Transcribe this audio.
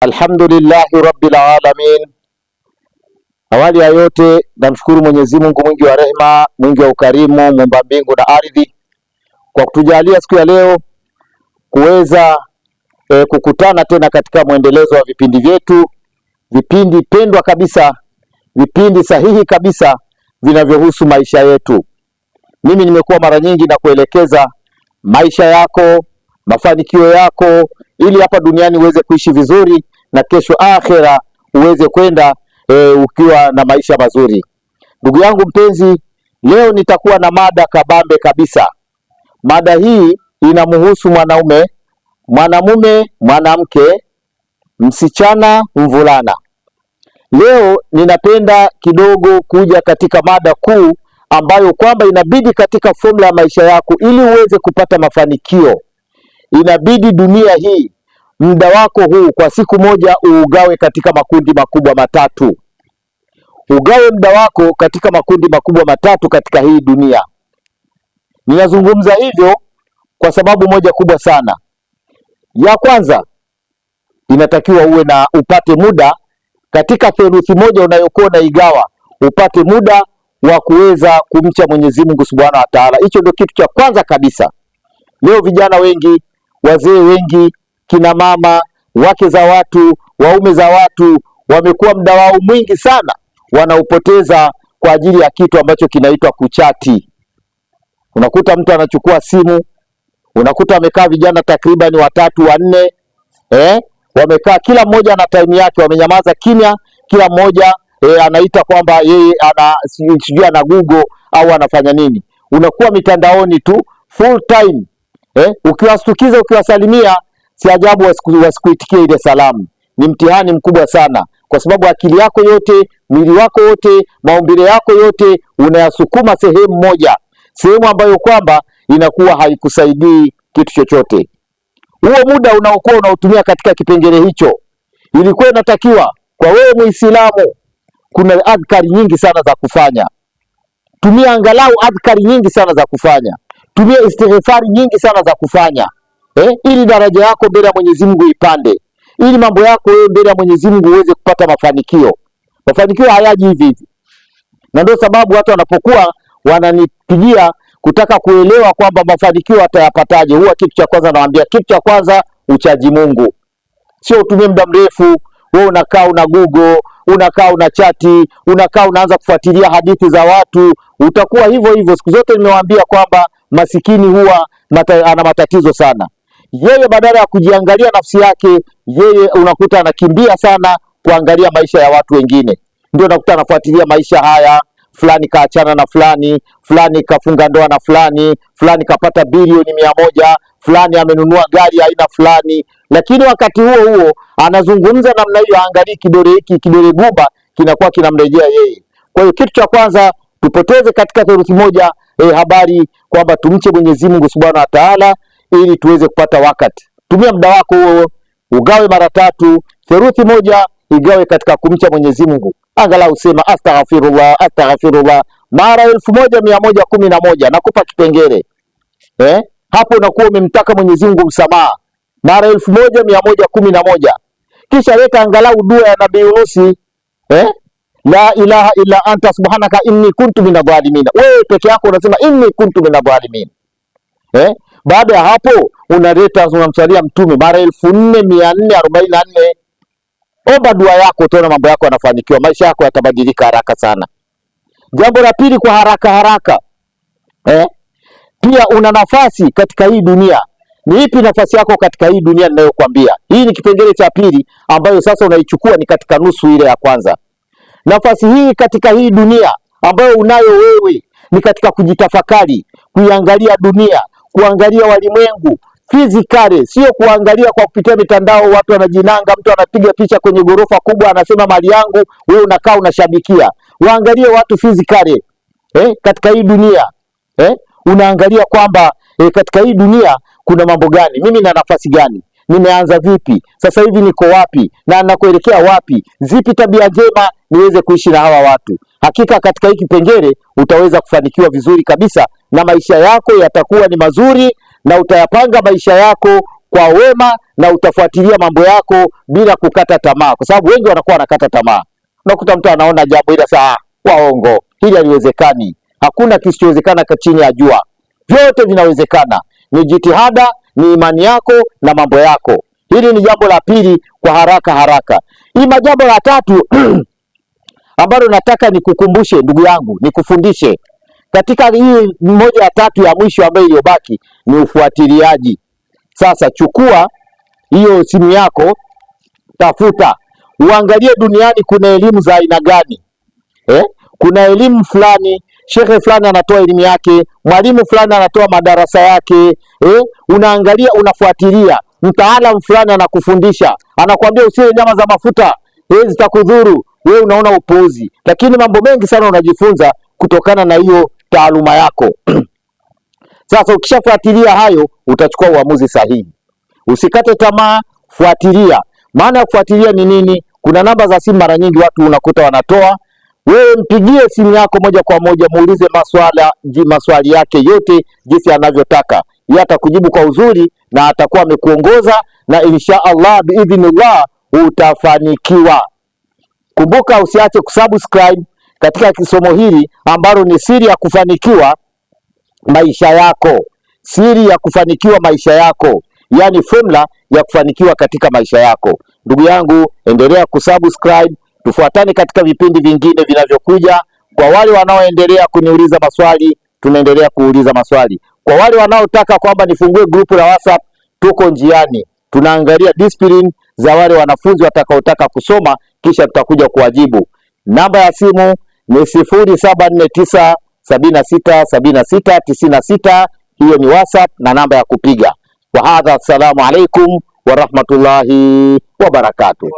Alhamdulillahi rabbil alamin. Awali ya yote namshukuru Mwenyezi Mungu mwingi wa rehema, mwingi wa ukarimu, muumba mbingu na ardhi, kwa kutujalia siku ya leo kuweza e, kukutana tena katika mwendelezo wa vipindi vyetu, vipindi pendwa kabisa, vipindi sahihi kabisa vinavyohusu maisha yetu. Mimi nimekuwa mara nyingi na kuelekeza maisha yako, mafanikio yako ili hapa duniani uweze kuishi vizuri na kesho akhera uweze kwenda e, ukiwa na maisha mazuri. Ndugu yangu mpenzi, leo nitakuwa na mada kabambe kabisa. Mada hii inamhusu mwanaume, mwanamume, mwanamke, msichana, mvulana. Leo ninapenda kidogo kuja katika mada kuu ambayo kwamba inabidi katika fomula ya maisha yako ili uweze kupata mafanikio inabidi dunia hii muda wako huu kwa siku moja uugawe katika makundi makubwa matatu. Ugawe muda wako katika makundi makubwa matatu katika hii dunia. Ninazungumza hivyo kwa sababu moja kubwa sana. Ya kwanza, inatakiwa uwe na upate muda katika theluthi moja unayokuwa unaigawa, upate muda wa kuweza kumcha Mwenyezi Mungu Subhanahu wa Ta'ala. Hicho ndio kitu cha kwanza kabisa. Leo vijana wengi wazee wengi, kina mama, wake za watu, waume za watu, wamekuwa muda wao mwingi sana wanaupoteza kwa ajili ya kitu ambacho kinaitwa kuchati. Unakuta mtu anachukua simu, unakuta amekaa vijana takribani watatu wanne, eh? wamekaa kila mmoja na time yake, wamenyamaza kimya, kila mmoja E, anaita kwamba yeye ana sijui ana Google au anafanya nini. Unakuwa mitandaoni tu full time, Eh, ukiwastukiza ukiwasalimia, si ajabu wasikuitikie ile salamu. Ni mtihani mkubwa sana, kwa sababu akili yako yote, mwili wako wote, maumbile yako yote unayasukuma sehemu moja, sehemu ambayo kwamba inakuwa haikusaidii kitu chochote. Huo muda unaokuwa unaotumia katika kipengele hicho, ilikuwa inatakiwa kwa wewe Muislamu, kuna adhkari nyingi sana za kufanya. Tumia angalau adhkari nyingi sana za kufanya tumia istighfari nyingi sana za kufanya eh, ili daraja yako mbele ya Mwenyezi Mungu ipande, ili mambo yako wewe mbele ya Mwenyezi Mungu uweze kupata mafanikio. Mafanikio hayaji hivi hivi, na ndio sababu watu wanapokuwa wananipigia kutaka kuelewa kwamba mafanikio atayapataje, huwa kitu cha kwanza nawaambia, kitu cha kwanza uchaji Mungu, sio utumie muda mrefu wewe unakaa una Google unakaa una chati unakaa unaanza kufuatilia hadithi za watu, utakuwa hivyo hivyo. Siku zote nimewaambia kwamba masikini huwa mata, ana matatizo sana. Yeye badala ya kujiangalia nafsi yake yeye, unakuta anakimbia sana kuangalia maisha ya watu wengine, ndio unakuta anafuatilia maisha haya fulani kaachana na fulani, fulani kafunga ndoa na fulani, fulani kapata bilioni mia moja, fulani amenunua gari aina fulani. Lakini wakati huo huo anazungumza namna hiyo, aangalii kidole hiki, kidole gumba kinakuwa kinamrejea yeye. Kwa hiyo kitu cha kwanza tupoteze katika theluthi moja e, habari kwamba tumche Mwenyezi Mungu Subhanahu wa Ta'ala ili tuweze kupata wakati. Tumia muda wako huo, ugawe mara tatu, theruthi moja igawe katika kumcha Mwenyezi Mungu, angalau sema astaghfirullah, astaghfirullah mara elfu moja mia moja kumi na moja nakupa kipengele eh? Hapo unakuwa umemtaka Mwenyezi Mungu msamaha mara elfu moja mia moja kumi na moja kisha weka angalau dua ya Nabii Yunusi eh? la ilaha illa anta subhanaka inni kuntu min adh-dhalimin. Wewe peke yako unasema inni kuntu min adh-dhalimin. eh? Baada ya hapo unaleta unamsalia mtume mara elfu nne mia nne arobaini na nne. Omba dua yako, utaona mambo yako yanafanikiwa, maisha yako yatabadilika haraka sana. Jambo la pili, kwa haraka haraka eh? Pia una nafasi katika hii dunia. Ni ipi nafasi yako katika hii dunia ninayokuambia? Hii ni kipengele cha pili ambayo sasa unaichukua ni katika nusu ile ya kwanza. Nafasi hii katika hii dunia ambayo unayo wewe ni katika kujitafakari, kuiangalia dunia, kuangalia walimwengu fizikali, sio kuangalia kwa kupitia mitandao. Watu wanajinanga, mtu anapiga picha kwenye ghorofa kubwa, anasema mali yangu, wewe unakaa unashabikia. Waangalie watu fizikali eh, katika hii dunia eh, unaangalia kwamba eh, katika hii dunia kuna mambo gani, mimi na nafasi gani? nimeanza vipi, sasa hivi niko wapi na nakuelekea wapi, zipi tabia njema niweze kuishi na hawa watu. Hakika katika hiki kipengele utaweza kufanikiwa vizuri kabisa, na maisha yako yatakuwa ni mazuri, na utayapanga maisha yako kwa wema, na utafuatilia mambo yako bila kukata tamaa, kwa sababu wengi wanakuwa wanakata tamaa. Unakuta mtu anaona jambo ila saa ah, waongo, hili haliwezekani. Hakuna kisichowezekana chini ya jua, vyote vinawezekana. Ni jitihada ni imani yako na mambo yako. Hili ni jambo la pili kwa haraka haraka. Ima jambo la tatu ambalo nataka nikukumbushe ndugu yangu, nikufundishe katika hii moja ya tatu ya mwisho ambayo iliyobaki ni ufuatiliaji. Sasa chukua hiyo simu yako, tafuta uangalie, duniani kuna elimu za aina gani eh? Kuna elimu fulani shekhe fulani anatoa elimu yake, mwalimu fulani anatoa madarasa yake eh? Unaangalia, unafuatilia, mtaalamu fulani anakufundisha, anakuambia usile nyama za mafuta eh, zitakudhuru wewe, unaona upuuzi, lakini mambo mengi sana unajifunza kutokana na hiyo taaluma yako. Sasa ukishafuatilia hayo utachukua uamuzi sahihi. Usikate tamaa, fuatilia. Maana ya kufuatilia ni nini? Kuna namba za simu mara nyingi watu unakuta wanatoa wewe mpigie simu yako moja kwa moja, muulize maswala maswali yake yote jinsi anavyotaka, yeye atakujibu kwa uzuri na atakuwa amekuongoza na insha Allah biidhnillah utafanikiwa. Kumbuka usiache kusubscribe katika kisomo hili ambalo ni siri ya kufanikiwa maisha yako, siri ya kufanikiwa maisha yako, yaani formula ya kufanikiwa katika maisha yako. Ndugu yangu, endelea kusubscribe Tufuatane katika vipindi vingine vinavyokuja. Kwa wale wanaoendelea kuniuliza maswali, tunaendelea kuuliza maswali. Kwa wale wanaotaka kwamba nifungue grupu la WhatsApp, tuko njiani, tunaangalia discipline za wale wanafunzi watakaotaka kusoma, kisha tutakuja kuwajibu. Namba ya simu ni sifuri saba nne tisa sabini na sita sabini na sita tisini na sita. Hiyo ni WhatsApp na namba ya kupiga. Wa hadha, assalamu alaikum warahmatullahi wabarakatuh.